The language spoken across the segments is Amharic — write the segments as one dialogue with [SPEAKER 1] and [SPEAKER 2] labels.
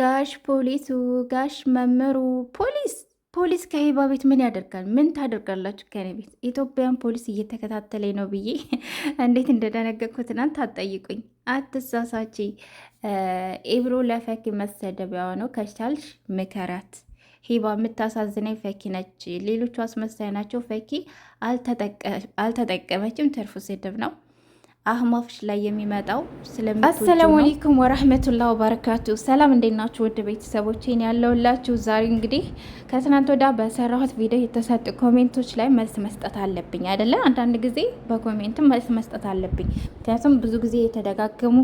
[SPEAKER 1] ጋሽ ፖሊሱ ጋሽ መምህሩ ፖሊስ ፖሊስ ከሄባ ቤት ምን ያደርጋል? ምን ታደርጋላችሁ ከኔ ቤት? ኢትዮጵያን ፖሊስ እየተከታተለ ነው ብዬ እንዴት እንደደነገግኩ ትናንት አጠይቁኝ አትሳሳቺ። ኤብሮ ለፈኪ መሰደቢያዋ ነው። ከቻልሽ ምከራት። ሂባ የምታሳዝነኝ ፈኪ ነች። ሌሎቹ አስመሳይ ናቸው። ፈኪ አልተጠቀመችም። ተርፎ ስድብ ነው። አህሞፍሽ ላይ የሚመጣው አሰላሙ አለይኩም ወራህመቱላሂ ወበረካቱ። ሰላም እንዴት ናችሁ? ውድ ቤተሰቦቼን ያለውላችሁ ዛሬ እንግዲህ ከትናንት ወዳ በሰራሁት ቪዲዮ የተሰጡ ኮሜንቶች ላይ መልስ መስጠት አለብኝ አይደለ? አንዳንድ ጊዜ በኮሜንትም መልስ መስጠት አለብኝ። ምክንያቱም ብዙ ጊዜ የተደጋገሙ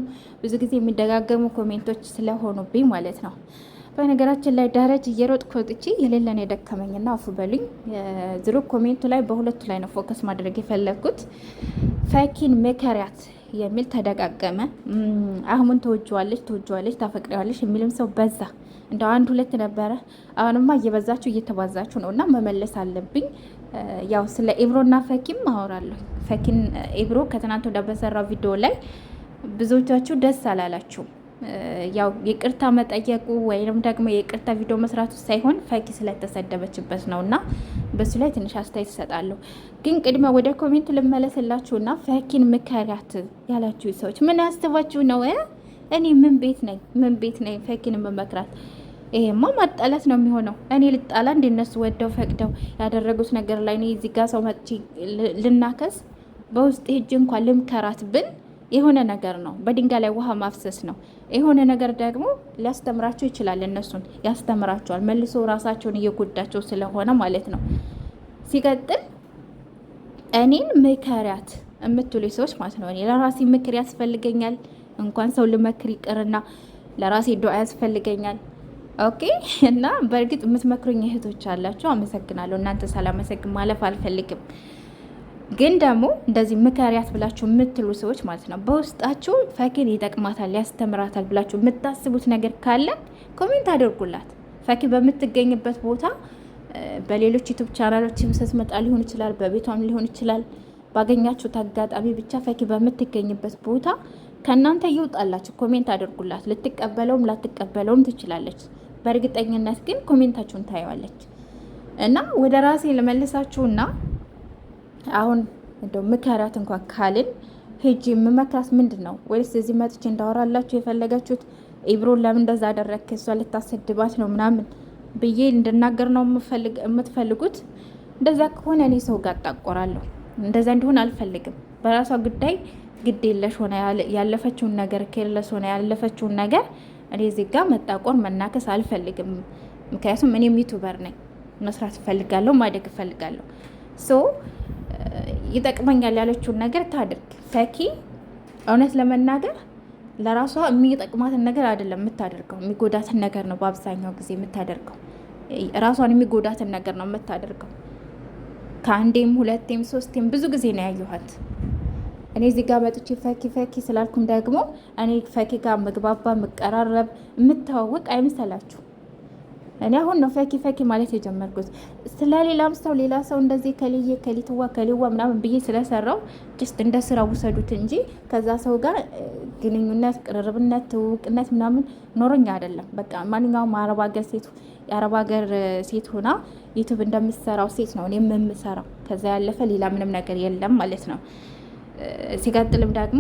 [SPEAKER 1] ብዙ ጊዜ የሚደጋገሙ ኮሜንቶች ስለሆኑብኝ ማለት ነው። በነገራችን ላይ ዳረጅ እየሮጥኩ ወጥቼ የሌለን ና አፉ በሉኝ። ዝሩ ኮሜንቱ ላይ በሁለቱ ላይ ነው ፎከስ ማድረግ የፈለግኩት። ፈኪን መከሪያት የሚል ተደጋገመ። አህሙን ተወጅዋለች፣ ተወጅዋለች፣ ታፈቅደዋለች የሚልም ሰው በዛ። እንደ አንድ ሁለት ነበረ። አሁንማ እየበዛችሁ እየተባዛችሁ ነው እና መመለስ አለብኝ። ያው ስለ ኤብሮና ፈኪም አወራለሁ። ፈኪን ኤብሮ ከትናንት ወዲያ በሰራው ቪዲዮ ላይ ብዙዎቻችሁ ደስ አላላችሁም። ያው ይቅርታ መጠየቁ ወይም ደግሞ የይቅርታ ቪዲዮ መስራቱ ሳይሆን ፈኪ ስለተሰደበችበት ነው እና በሱ ላይ ትንሽ አስተያየት ትሰጣለሁ ግን ቅድመ ወደ ኮሜንት ልመለስላችሁና ፈኪን ምከሪያት ያላችሁ ሰዎች ምን ያስባችሁ ነው? እኔ ምን ቤት ነኝ? ምን ቤት ነኝ? ፈኪን መመክራት ይሄማ ነው የሚሆነው። እኔ ልጣላ እንደነሱ ወደው ፈቅደው ያደረጉት ነገር ላይ ነው። እዚህ ጋር ሰው መጥቼ ልናከስ በውስጥ ሄጅ እንኳን ልምከራት ብን የሆነ ነገር ነው። በድንጋይ ላይ ውሃ ማፍሰስ ነው። የሆነ ነገር ደግሞ ሊያስተምራቸው ይችላል። እነሱን ያስተምራቸዋል። መልሶ ራሳቸውን እየጎዳቸው ስለሆነ ማለት ነው። ሲቀጥል እኔን ምከሪያት የምትሉ ሰዎች ማለት ነው። እኔ ለራሴ ምክር ያስፈልገኛል። እንኳን ሰው ልመክር ይቅርና ለራሴ ዱዓ ያስፈልገኛል። ኦኬ እና በእርግጥ የምትመክሩኝ እህቶች አላችሁ፣ አመሰግናለሁ። እናንተ ሳላመሰግን ማለፍ አልፈልግም። ግን ደግሞ እንደዚህ ምከሪያት ብላችሁ የምትሉ ሰዎች ማለት ነው በውስጣችሁ ፈኪን ይጠቅማታል ያስተምራታል ብላችሁ የምታስቡት ነገር ካለ ኮሜንት አድርጉላት። ፈኪ በምትገኝበት ቦታ በሌሎች ዩቱብ ቻናሎችም ስትመጣ ሊሆን ይችላል፣ በቤቷም ሊሆን ይችላል። ባገኛችሁት አጋጣሚ ብቻ ፈኪ በምትገኝበት ቦታ ከእናንተ ይውጣላችሁ፣ ኮሜንት አድርጉላት። ልትቀበለውም ላትቀበለውም ትችላለች። በእርግጠኝነት ግን ኮሜንታችሁን ታየዋለች እና ወደ ራሴ ልመልሳችሁና አሁን እንደው ምከራት እንኳን ካልን ሄጂ የምመክራት ምንድን ነው? ወይስ እዚህ መጥቼ እንዳወራላችሁ የፈለጋችሁት ኢብሮን ለምን እንደዛ አደረግክ፣ እሷ ልታሰድባት ነው ምናምን ብዬ እንድናገር ነው የምትፈልጉት? እንደዛ ከሆነ እኔ ሰው ጋር እጣቆራለሁ። እንደዛ እንዲሆን አልፈልግም። በራሷ ጉዳይ ግድ የለሽ ሆነ ያለፈችውን ነገር ከለስ ሆነ ያለፈችውን ነገር እኔ እዚህ ጋር መጣቆር መናከስ አልፈልግም። ምክንያቱም እኔም ዩቱበር ነኝ፣ መስራት እፈልጋለሁ፣ ማደግ እፈልጋለሁ። ይጠቅመኛል ያለችውን ነገር ታድርግ። ፈኪ እውነት ለመናገር ለራሷ የሚጠቅማትን ነገር አይደለም የምታደርገው፣ የሚጎዳትን ነገር ነው በአብዛኛው ጊዜ የምታደርገው። ራሷን የሚጎዳትን ነገር ነው የምታደርገው። ከአንዴም ሁለቴም ሶስቴም ብዙ ጊዜ ነው ያየኋት። እኔ እዚህ ጋር መጥቼ ፈኪ ፈኪ ስላልኩም ደግሞ እኔ ፈኪ ጋር መግባባ መቀራረብ የምታዋወቅ አይምሰላችሁ። እኔ አሁን ነው ፈኪ ፈኪ ማለት የጀመርኩት። ስለሌላም ሰው ሌላ ሰው እንደዚህ ከልዬ ከሊትዋ ከሊዋ ምናምን ብዬ ስለሰራው ጅስት እንደ ስራ ውሰዱት እንጂ ከዛ ሰው ጋር ግንኙነት፣ ቅርርብነት፣ ትውውቅነት ምናምን ኖሮኛ አይደለም። በቃ ማንኛውም አረብ ሀገር ሴት የአረብ ሀገር ሴት ሆና ዩቱብ እንደምትሰራው ሴት ነው እኔም የምሰራው። ከዛ ያለፈ ሌላ ምንም ነገር የለም ማለት ነው። ሲቀጥልም ደግሞ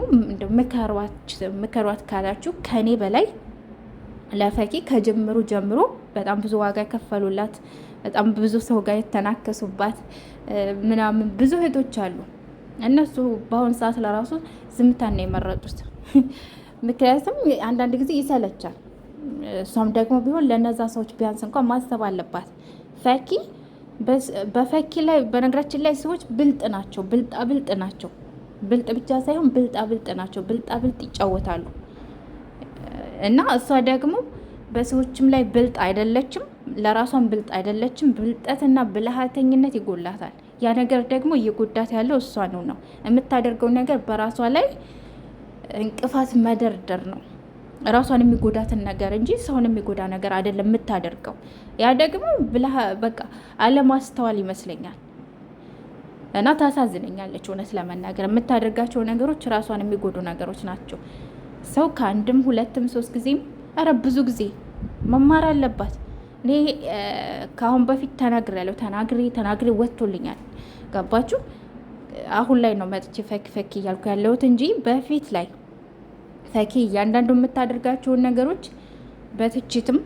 [SPEAKER 1] ምከሯት ካላችሁ ከኔ በላይ ለፈኪ ከጅምሩ ጀምሮ በጣም ብዙ ዋጋ የከፈሉላት በጣም ብዙ ሰው ጋር የተናከሱባት ምናምን ብዙ እህቶች አሉ። እነሱ በአሁኑ ሰዓት ለራሱ ዝምታን ነው የመረጡት። ምክንያቱም አንዳንድ ጊዜ ይሰለቻል። እሷም ደግሞ ቢሆን ለነዛ ሰዎች ቢያንስ እንኳን ማሰብ አለባት። ፈኪ በፈኪ ላይ በነገራችን ላይ ሰዎች ብልጥ ናቸው፣ ብልጣ ብልጥ ናቸው። ብልጥ ብቻ ሳይሆን ብልጣ ብልጥ ናቸው። ብልጣ ብልጥ ይጫወታሉ። እና እሷ ደግሞ በሰዎችም ላይ ብልጥ አይደለችም፣ ለራሷም ብልጥ አይደለችም። ብልጠትና ብልሃተኝነት ይጎላታል። ያ ነገር ደግሞ እየጎዳት ያለው እሷ ነው ነው የምታደርገው ነገር በራሷ ላይ እንቅፋት መደርደር ነው። ራሷን የሚጎዳትን ነገር እንጂ ሰውን የሚጎዳ ነገር አይደለም የምታደርገው። ያ ደግሞ በቃ አለማስተዋል ይመስለኛል። እና ታሳዝነኛለች እውነት ለመናገር የምታደርጋቸው ነገሮች ራሷን የሚጎዱ ነገሮች ናቸው። ሰው ከአንድም ሁለትም ሶስት ጊዜም ኧረ ብዙ ጊዜ መማር አለባት። እኔ ከአሁን በፊት ተናግሬያለሁ። ተናግሬ ተናግሬ ወጥቶልኛል። ገባችሁ? አሁን ላይ ነው መጥቼ ፈኪ ፈኪ እያልኩ ያለሁት እንጂ በፊት ላይ ፈኪ እያንዳንዱ የምታደርጋቸውን ነገሮች በትችትም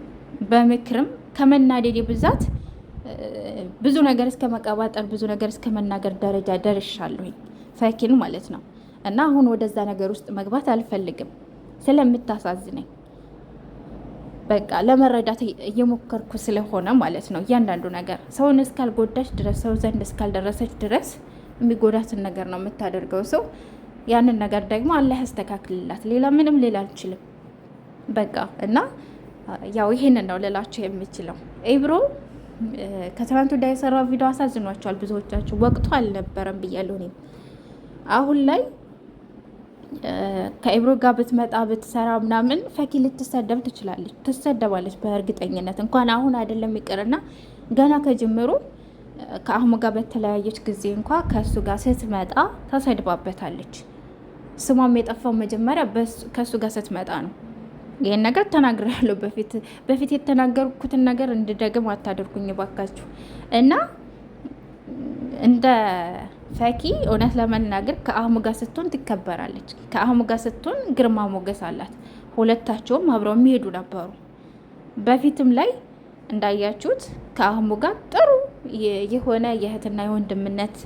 [SPEAKER 1] በምክርም ከመናደድ ብዛት ብዙ ነገር እስከ መቀባጠር ብዙ ነገር እስከ መናገር ደረጃ ደርሻለሁኝ፣ ፈኪን ማለት ነው። እና አሁን ወደዛ ነገር ውስጥ መግባት አልፈልግም። ስለምታሳዝነኝ በቃ ለመረዳት እየሞከርኩ ስለሆነ ማለት ነው። እያንዳንዱ ነገር ሰውን እስካልጎዳች ድረስ ሰው ዘንድ እስካልደረሰች ድረስ የሚጎዳትን ነገር ነው የምታደርገው። ሰው ያንን ነገር ደግሞ አላህ ያስተካክልላት። ሌላ ምንም ሌላ አልችልም። በቃ እና ያው ይሄንን ነው ልላቸው የምችለው። ኤብሮ ከትናንት ወዲያ የሰራው ቪዲዮ አሳዝኗቸዋል ብዙዎቻቸው። ወቅቱ አልነበረም ብያለሁ እኔም አሁን ላይ ከኢብሮ ጋር ብትመጣ ብትሰራ ምናምን ፈኪ ልትሰደብ ትችላለች፣ ትሰደባለች በእርግጠኝነት። እንኳን አሁን አይደለም ይቅርና ገና ከጅምሩ ከአህሙ ጋር በተለያየች ጊዜ እንኳ ከእሱ ጋር ስትመጣ ተሰድባበታለች። ስሟም የጠፋው መጀመሪያ ከእሱ ጋር ስትመጣ ነው። ይህን ነገር ተናግራለሁ በፊት በፊት የተናገርኩትን ነገር እንድደግም አታደርጉኝ ባካችሁ እና እንደ ፈኪ እውነት ለመናገር ከአህሙ ጋር ስትሆን ትከበራለች። ከአህሙ ጋር ስትሆን ግርማ ሞገስ አላት። ሁለታቸውም አብረው የሚሄዱ ነበሩ። በፊትም ላይ እንዳያችሁት ከአህሙ ጋር ጥሩ የሆነ የእህትና የወንድምነት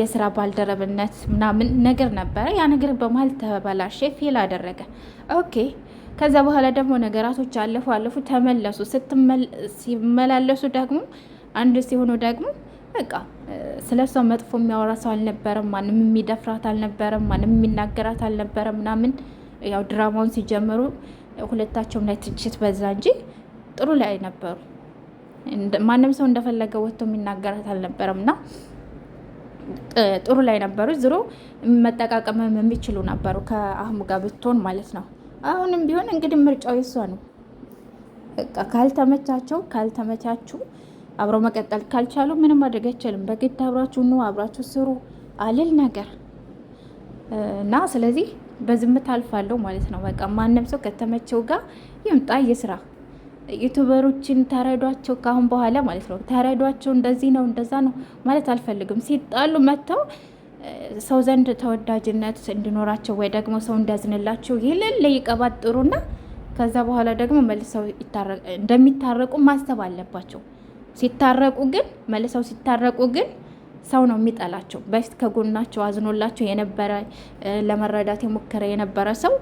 [SPEAKER 1] የስራ ባልደረብነት ምናምን ነገር ነበረ። ያ ነገር በመሀል ተበላሸ፣ ፌል አደረገ። ኦኬ። ከዛ በኋላ ደግሞ ነገራቶች አለፉ አለፉ ተመለሱ። ሲመላለሱ ደግሞ አንድ ሲሆኑ ደግሞ በቃ ስለ እሷ መጥፎ የሚያወራ ሰው አልነበረም። ማንም የሚደፍራት አልነበረም። ማንም የሚናገራት አልነበረም ምናምን ያው ድራማውን ሲጀምሩ ሁለታቸውም ላይ ትችት በዛ እንጂ ጥሩ ላይ ነበሩ። ማንም ሰው እንደፈለገ ወጥቶ የሚናገራት አልነበረም እና ጥሩ ላይ ነበሩ። ዝሮ መጠቃቀምም የሚችሉ ነበሩ ከአህሙ ጋር ብትሆን ማለት ነው። አሁንም ቢሆን እንግዲህ ምርጫው የሷ ነው። ካልተመቻቸው ካልተመቻቹ አብረው መቀጠል ካልቻሉ ምንም ማድረግ አይቻልም። በግድ አብራችሁ ኑ፣ አብራችሁ ስሩ አልል ነገር እና ስለዚህ በዝምታ አልፋለሁ ማለት ነው። በቃ ማንም ሰው ከተመቸው ጋር ይምጣ ይስራ። ዩቱበሮችን ተረዷቸው፣ ካሁን በኋላ ማለት ነው ተረዷቸው። እንደዚህ ነው እንደዛ ነው ማለት አልፈልግም። ሲጣሉ መጥተው ሰው ዘንድ ተወዳጅነት እንዲኖራቸው ወይ ደግሞ ሰው እንዲያዝንላቸው ይልል ለይቀባጥሩና ከዛ በኋላ ደግሞ መልሰው እንደሚታረቁ ማሰብ አለባቸው። ሲታረቁ ግን መልሰው ሲታረቁ ግን ሰው ነው የሚጠላቸው። በፊት ከጎናቸው አዝኖላቸው የነበረ ለመረዳት የሞከረ የነበረ ሰው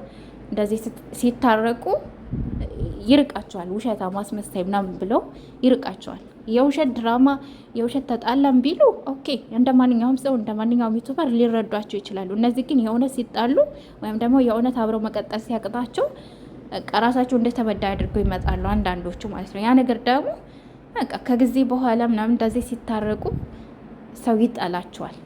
[SPEAKER 1] እንደዚህ ሲታረቁ ይርቃቸዋል። ውሸታ ማስመሳይ ምናምን ብለው ይርቃቸዋል። የውሸት ድራማ የውሸት ተጣላም ቢሉ ኦኬ፣ እንደ ማንኛውም ሰው እንደ ማንኛውም ዩቱበር ሊረዷቸው ይችላሉ። እነዚህ ግን የእውነት ሲጣሉ ወይም ደግሞ የእውነት አብረው መቀጠል ሲያቅጣቸው ራሳቸው እንደተበዳ አድርገው ይመጣሉ፣ አንዳንዶቹ ማለት ነው። ያ ነገር ደግሞ በቃ ከጊዜ በኋላ ምናምን እንደዚህ ሲታረቁ ሰው ይጠላቸዋል።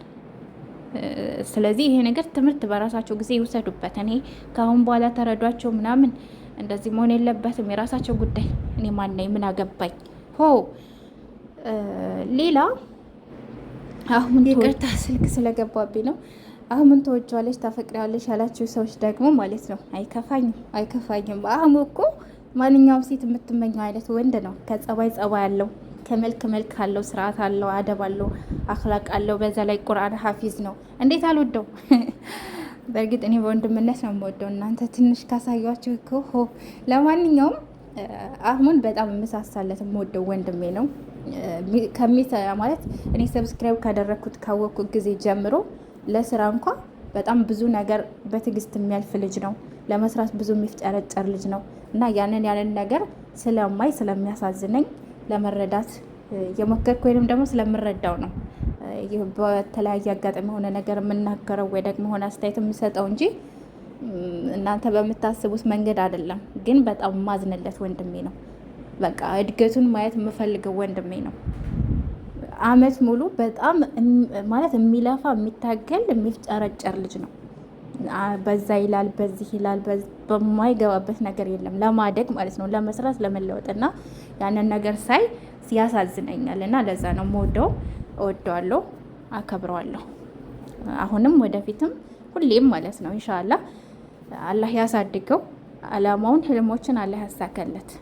[SPEAKER 1] ስለዚህ ይሄ ነገር ትምህርት በራሳቸው ጊዜ ይውሰዱበት። እኔ ከአሁን በኋላ ተረዷቸው ምናምን እንደዚህ መሆን የለበትም። የራሳቸው ጉዳይ። እኔ ማነኝ? ምን አገባኝ? ሆ ሌላ አሁን ይቅርታ፣ ስልክ ስለገባብኝ ነው። አህሙን ተወጃለች ታፈቅሪያለች ያላችሁ ሰዎች ደግሞ ማለት ነው አይከፋኝም፣ አይከፋኝም አህሙ እኮ ማንኛውም ሴት የምትመኘው አይነት ወንድ ነው። ከጸባይ ጸባይ አለው፣ ከመልክ መልክ አለው፣ ስርዓት አለው፣ አደብ አለው፣ አክላቅ አለው። በዛ ላይ ቁርአን ሀፊዝ ነው። እንዴት አልወደው? በእርግጥ እኔ በወንድምነት ነው የምወደው። እናንተ ትንሽ ካሳያችሁ ከሆ ለማንኛውም አህሙን በጣም የምሳሳለት የምወደው ወንድሜ ነው። ከሚሰራ ማለት እኔ ሰብስክራይብ ካደረግኩት ካወቅኩ ጊዜ ጀምሮ ለስራ እንኳ በጣም ብዙ ነገር በትዕግስት የሚያልፍ ልጅ ነው። ለመስራት ብዙ የሚፍጨረጨር ልጅ ነው። እና ያንን ያንን ነገር ስለማይ ስለሚያሳዝነኝ ለመረዳት የሞከርኩ ወይንም ደግሞ ስለምረዳው ነው በተለያየ አጋጣሚ የሆነ ነገር የምናገረው ወይ ደግሞ ሆነ አስተያየት የምሰጠው እንጂ እናንተ በምታስቡት መንገድ አይደለም። ግን በጣም ማዝንለት ወንድሜ ነው። በቃ እድገቱን ማየት የምፈልገው ወንድሜ ነው። አመት ሙሉ በጣም ማለት የሚለፋ የሚታገል የሚፍጨረጨር ልጅ ነው። በዛ ይላል፣ በዚህ ይላል፣ በማይገባበት ነገር የለም ለማደግ ማለት ነው ለመስራት ለመለወጥና ያንን ነገር ሳይ ያሳዝነኛል። እና ለዛ ነው የምወደው፣ እወደዋለሁ፣ አከብረዋለሁ። አሁንም ወደፊትም ሁሌም ማለት ነው ኢንሻአላህ አላህ ያሳድገው። አላማውን ህልሞችን አላህ ያሳከለት